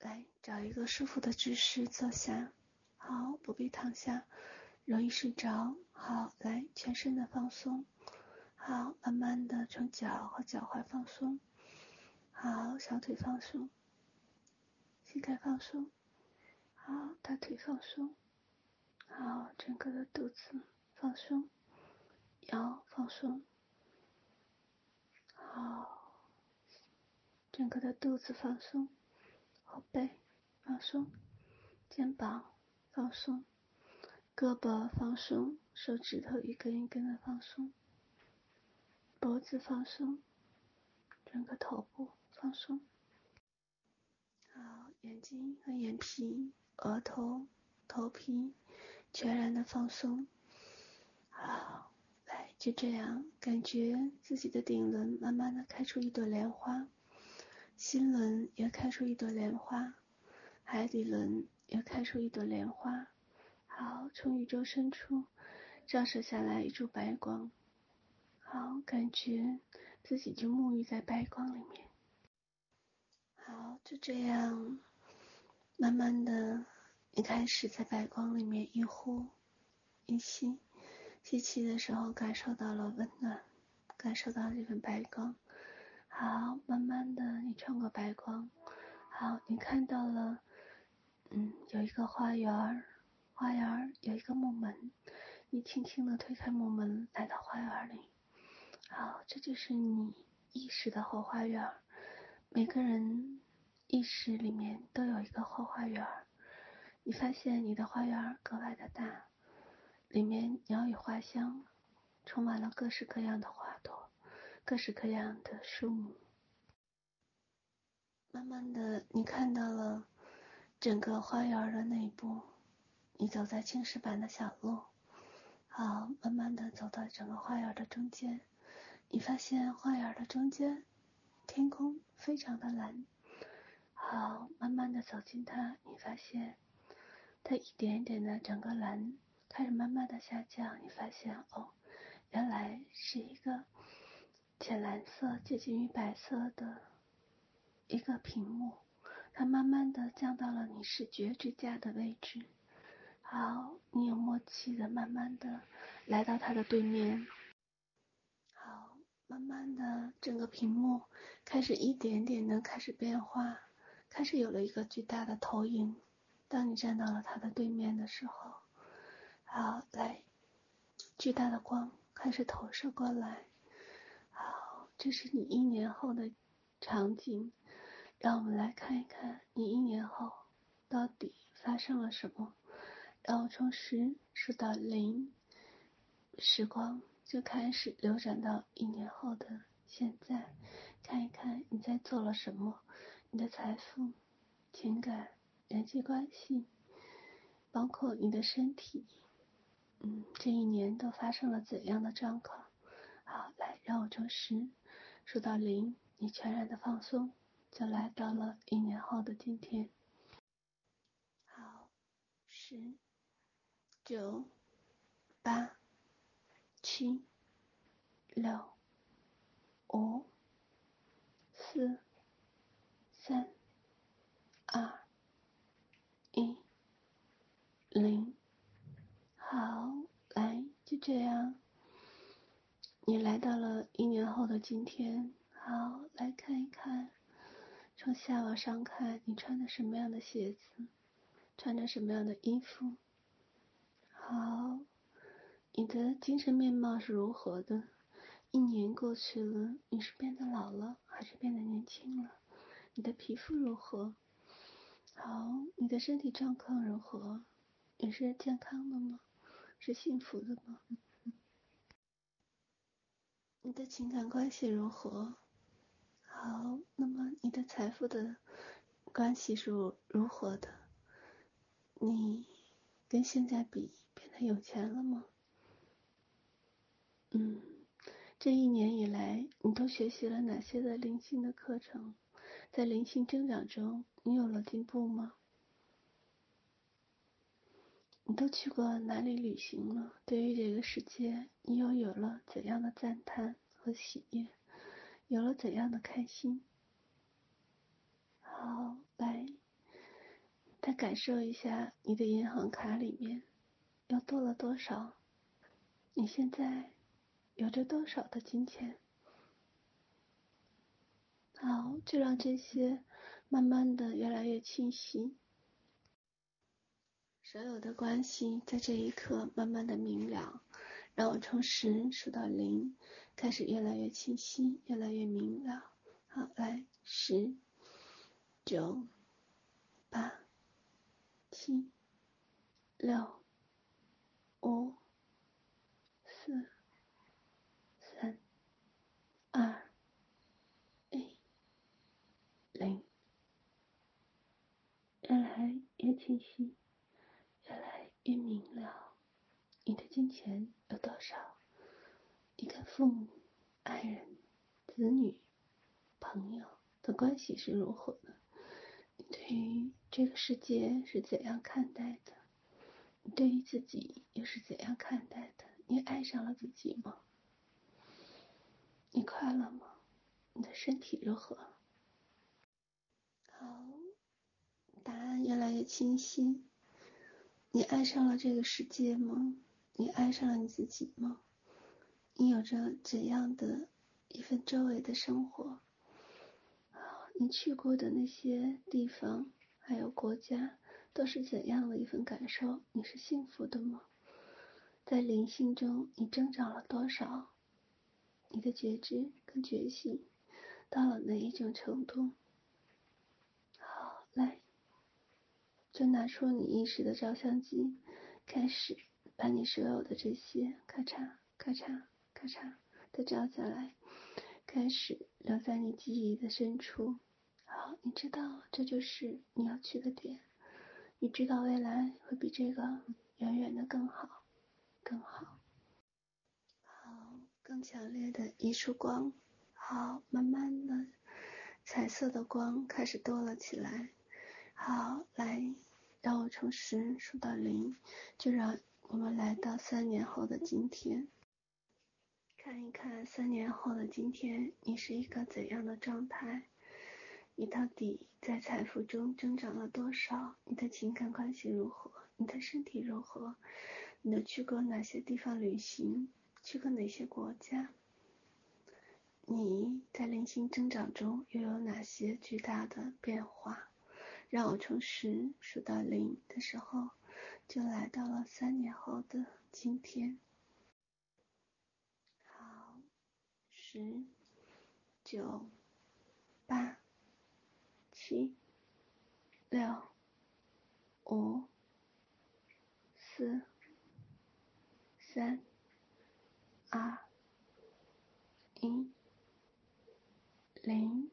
來找一個舒服的姿勢坐下，好，不必躺下，容易睡着。好，來全身的放鬆，好，慢慢的從腳和腳踝放鬆，好，小腿放鬆，膝蓋放鬆，好，大腿放鬆，好，整個的肚子放鬆，腰放鬆，好，整個的肚子放鬆。背放鬆，肩膀放鬆，胳膊放鬆，手指頭一根一根的放鬆，脖子放鬆，整個頭部放鬆，好，眼睛和眼皮、額頭、頭皮全然的放鬆。好，來，就這樣，感覺自己的頂輪慢慢的開出一朵蓮花。心輪也開出一朵蓮花，海底輪也開出一朵蓮花。好，從宇宙深處照射下來一束白光。好，感覺自己就沐浴在白光裡面。好，就這樣，慢慢的，你開始在白光裡面一呼一吸，吸氣的時候感受到了溫暖，感受到了這份白光。好，慢慢的，你穿過白光，好，你看到了，嗯，有一個花園，花園有一個木門，你輕輕的推開木門，來到花園裡，好，這就是你意識的後花園，每個人意識裡面都有一個後花園，你發現你的花園格外的大，裡面鳥語花香，充滿了各式各樣的花。各式各樣的樹木，慢慢的，你看到了整個花園的內部。你走在青石板的小路，好，慢慢的走到整個花園的中間。你發現花園的中間，天空非常的藍。好，慢慢的走近它，你發現，它一點一點的整個藍開始慢慢的下降。你發現，哦，原來是一個。淺藍色接近於白色的一個屏幕，它慢慢的降到了你視覺最佳的位置。好，你有默契的慢慢的來到它的對面。好，慢慢的整個屏幕開始一點點的開始變化，開始有了一個巨大的投影。當你站到了它的對面的時候，好，來，巨大的光開始投射過來。這是你一年後的場景，讓我們來看一看你一年後到底發生了什麼。然後從十數到零，時光就開始流轉到一年後的現在，看一看你在做了什麼，你的財富、情感、人際關係，包括你的身體，嗯，這一年都發生了怎樣的狀況？好，來，讓我從十。數到零，你全然的放鬆，就來到了一年後的今天。好，十、九、八、七、六、五、四、三、二、一、零。好，來，就這樣。你來到了一年後的今天，好，來看一看，從下往上看，你穿的什麼樣的鞋子，穿着什麼樣的衣服？好，你的精神面貌是如何的？一年過去了，你是變得老了還是變得年輕了？你的皮膚如何？好，你的身體狀況如何？你是健康的嗎？是幸福的嗎？你的情感關係如何？好，那麼你的財富的關係是如何的？你跟現在比變得有錢了嗎？嗯，這一年以來，你都學習了哪些的靈性的課程？在靈性增長中你有了進步嗎？你都去過哪裡旅行了？對於這個世界，你又有了怎樣的讚嘆和喜悅？有了怎樣的開心？好，來，再感受一下你的銀行卡裡面，又多了多少？你現在有着多少的金錢？好，就讓這些慢慢的越來越清晰。所有的關係在這一刻慢慢的明了，讓我從十數到零，開始越來越清晰，越來越明了。好，來，十、九、八、七、六、五、四、三、二、一、零，越來越清晰。越明了，你的金錢有多少？你跟父母、愛人、子女、朋友的關係是如何的？你對於這個世界是怎樣看待的？你對於自己又是怎樣看待的？你愛上了自己嗎？你快樂嗎？你的身體如何？好，答案越來越清晰。你愛上了這個世界嗎？你愛上了你自己嗎？你有着怎樣的一份周圍的生活？你去過的那些地方，還有國家，都是怎樣的一份感受？你是幸福的嗎？在靈性中，你增長了多少？你的覺知跟覺醒到了哪一種程度？好，來。就拿出你意識的照相機，開始把你所有的這些咔嚓咔嚓咔嚓的照下來，開始留在你記憶的深處。好，你知道這就是你要去的點，你知道未來會比這個遠遠的更好，更好。好，更強烈的一束光。好，慢慢的，彩色的光開始多了起來。好，來。讓我從十數到零，就讓我們來到三年後的今天，看一看三年後的今天，你是一個怎樣的狀態？你到底在財富中增長了多少？你的情感關係如何？你的身體如何？你都去過哪些地方旅行？去過哪些國家？你在靈性增長中又有哪些巨大的變化？讓我從十數到零的時候，就來到了三年後的今天。好，十、九、八、七、六、五、四、三、二、一、零。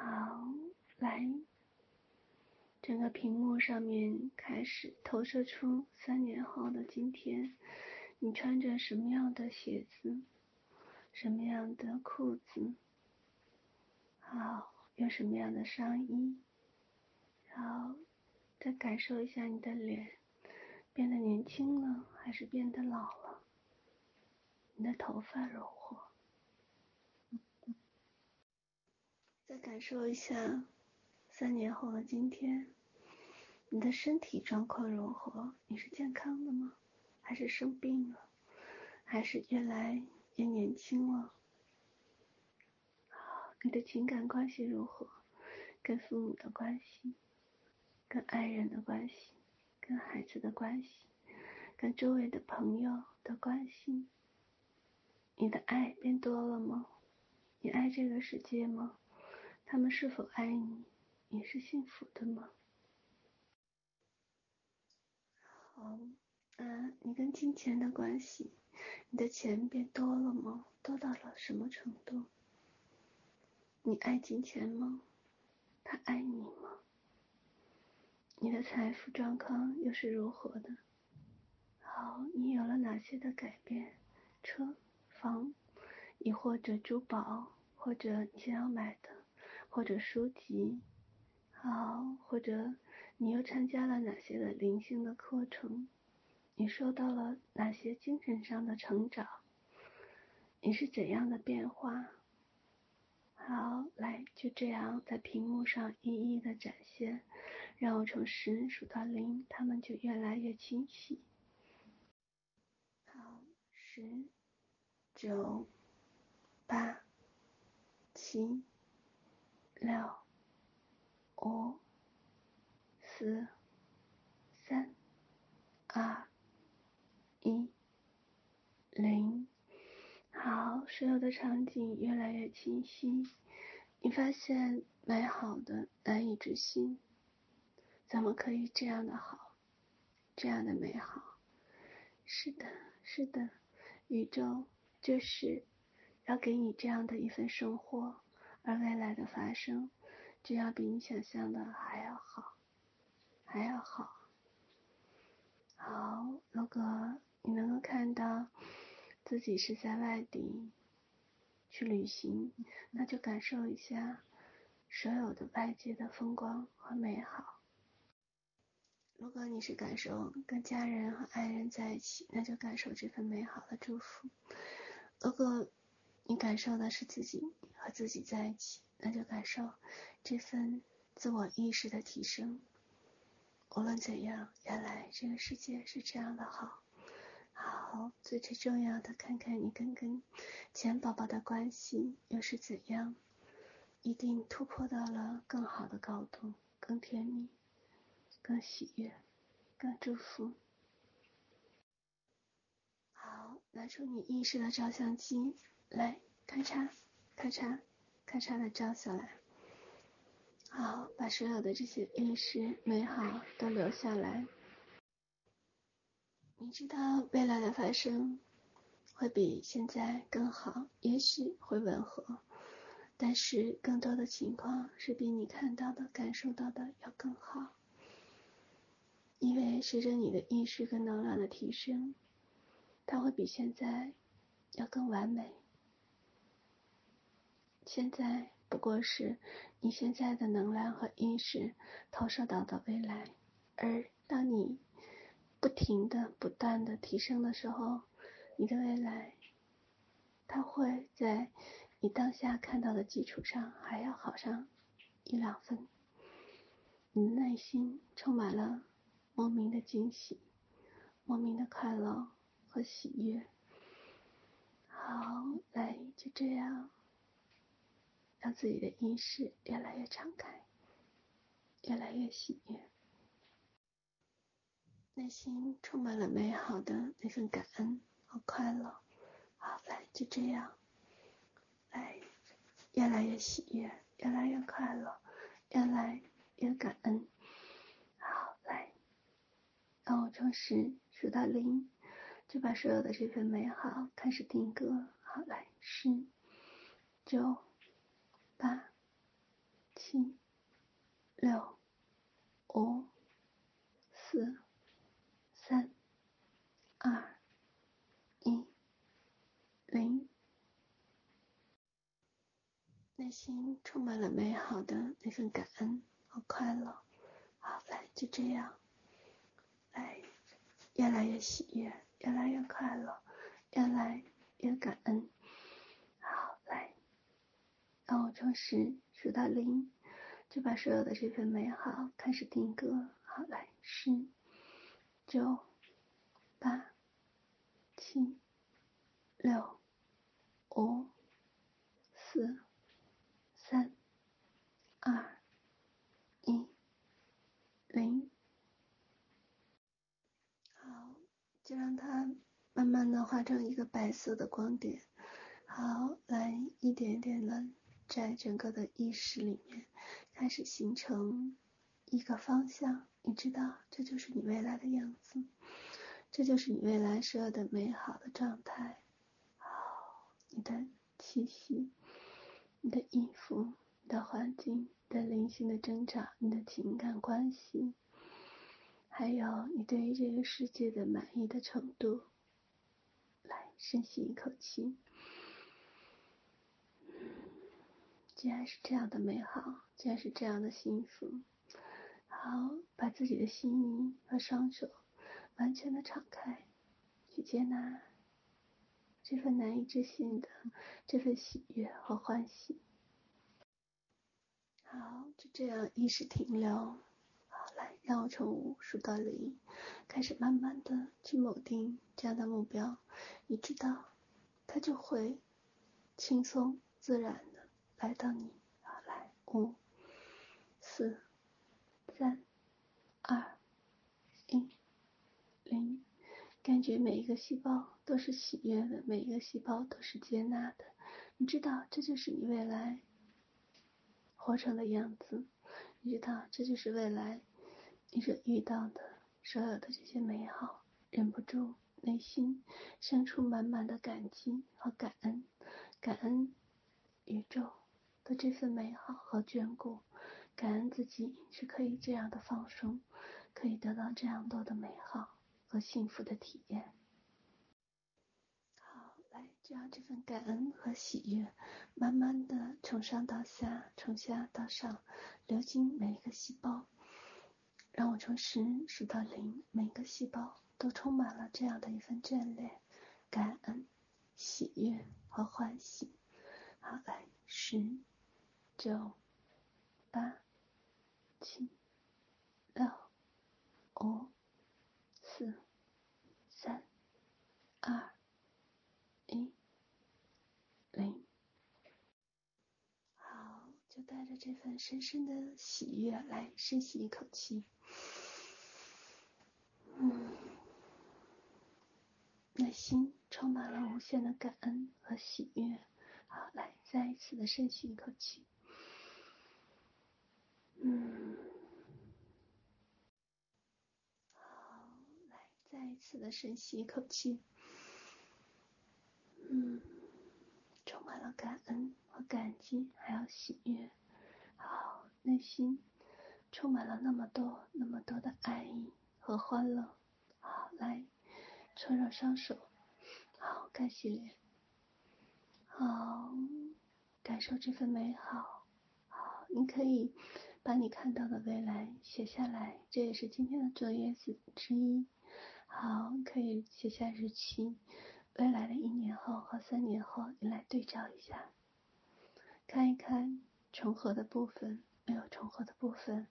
好，來，整個屏幕上面開始投射出三年後的今天，你穿着什麼樣的鞋子，什麼樣的褲子，好，有什麼樣的上衣，好，再感受一下你的臉變得年輕了還是變得老了，你的頭髮如何？再感受一下，三年後的今天，你的身體狀況如何？你是健康的嗎？還是生病了？還是越來越年輕了？你的情感關係如何？跟父母的關係，跟愛人的關係，跟孩子的關係，跟周圍的朋友的關係？你的愛變多了嗎？你愛這個世界嗎？他們是否愛你？你是幸福的嗎？好，嗯、啊，你跟金錢的關係，你的錢變多了嗎？多到了什麼程度？你愛金錢嗎？他愛你嗎？你的財富狀況又是如何的？好，你有了哪些的改變？車、房，亦或者珠寶，或者你想要買的。或者書籍，好，或者你又參加了哪些的靈性的課程？你受到了哪些精神上的成長？你是怎樣的變化？好，來，就這樣在屏幕上一一的展現，讓我從十數到零，它們就越來越清晰。好，十、九、八、七。六、五、四、三、二、一、零。好，所有的場景越來越清晰，你發現美好的難以置信，怎麼可以這樣的好，這樣的美好？是的，是的，宇宙就是要給你這樣的一份生活。而未來的發生，就要比你想象的還要好，還要好。好，如果你能夠看到自己是在外地去旅行，那就感受一下所有的外界的風光和美好。如果你是感受跟家人和愛人在一起，那就感受這份美好的祝福。如果你感受的是自己和自己在一起，那就感受這份自我意識的提升。無論怎樣，原來這個世界是這樣的好。好，最最重要的，看看你跟跟錢寶寶的關係又是怎樣，一定突破到了更好的高度，更甜蜜，更喜悅，更祝福。好，拿出你意識的照相機。來，咔嚓，咔嚓，咔嚓的照下來。好，把所有的這些意識美好都留下來。你知道，未來的發生會比現在更好，也許會吻合，但是更多的情況是比你看到的、感受到的要更好。因為隨着你的意識跟能量的提升，它會比現在要更完美。現在不過是你現在的能量和意識投射到的未來，而當你不停的、不斷的提升的時候，你的未來，它會在你當下看到的基礎上還要好上一兩分。你的內心充滿了莫名的驚喜、莫名的快樂和喜悅。好，來，就這樣。讓自己的意識越來越敞開，越來越喜悅，內心充滿了美好的那份感恩和快樂。好，來就這樣，來，越來越喜悅，越來越快樂，越來越感恩。好，來，當我從十數到零，就把所有的這份美好開始定格。好，來，十，九。八、七、六、五、四、三、二、一、零，內心充滿了美好的那份感恩和快樂。好，來，就這樣，來，越來越喜悅，越來越快樂，越來越感恩。當我從十數到零，就把所有的這份美好開始定格。好，來，十、九、八、七、六、五、四、三、二、一、零。好，就讓它慢慢的化成一個白色的光點。好，來，一點一點的。在整個的意識裡面，開始形成一個方向。你知道，這就是你未來的樣子，這就是你未來所有的美好的狀態。好，你的氣息、你的衣服、你的環境、你的靈性的增長、你的情感關係，還有你對於這個世界的滿意的程度。來，深吸一口氣。既然是這樣的美好，既然是這樣的幸福。好，把自己的心靈和雙手完全的敞開，去接納這份難以置信的這份喜悅和歡喜。好，就這樣一直停留。好，來，讓我從五數到零，開始慢慢的去否定這樣的目標，你知道它就會輕鬆自然。來到你，好，來，五、四、三、二、一、零，感覺每一個細胞都是喜悅的，每一個細胞都是接納的。你知道，這就是你未來活成的樣子。你知道，這就是未來你所遇到的所有的這些美好。忍不住內心生出滿滿的感激和感恩，感恩宇宙。的這份美好和眷顧，感恩自己是可以這樣的放鬆，可以得到這樣多的美好和幸福的體驗。好，來，就讓這，這份感恩和喜悅慢慢的從上到下，從下到上，流經每一個細胞。讓我從十數到零，每個細胞都充滿了這樣的一份眷戀、感恩、喜悅和歡喜。好，來十。九八七六五四三二一零，好，就帶着這份深深的喜悅。來，深吸一口氣。嗯，內心充滿了無限的感恩和喜悅。好，來，再一次的深吸一口氣。嗯，好，來，再一次的深吸一口氣。嗯，充滿了感恩和感激，還有喜悅。好，內心充滿了那麼多、那麼多的愛意和歡樂。好，來，搓熱雙手。好，乾洗臉。好，感受這份美好。好，你可以。把你看到的未來寫下來，這也是今天的作業之一。好，可以寫下日期，未來的一年後和三年後，你來對照一下，看一看重合的部分，沒有重合的部分，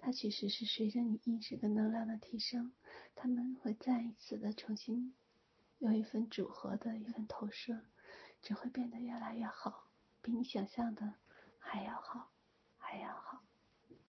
它其實是隨着你意識的能量的提升，它們會再一次的重新有一份組合的一份投射，只會變得越來越好，比你想象的還要好，還要好。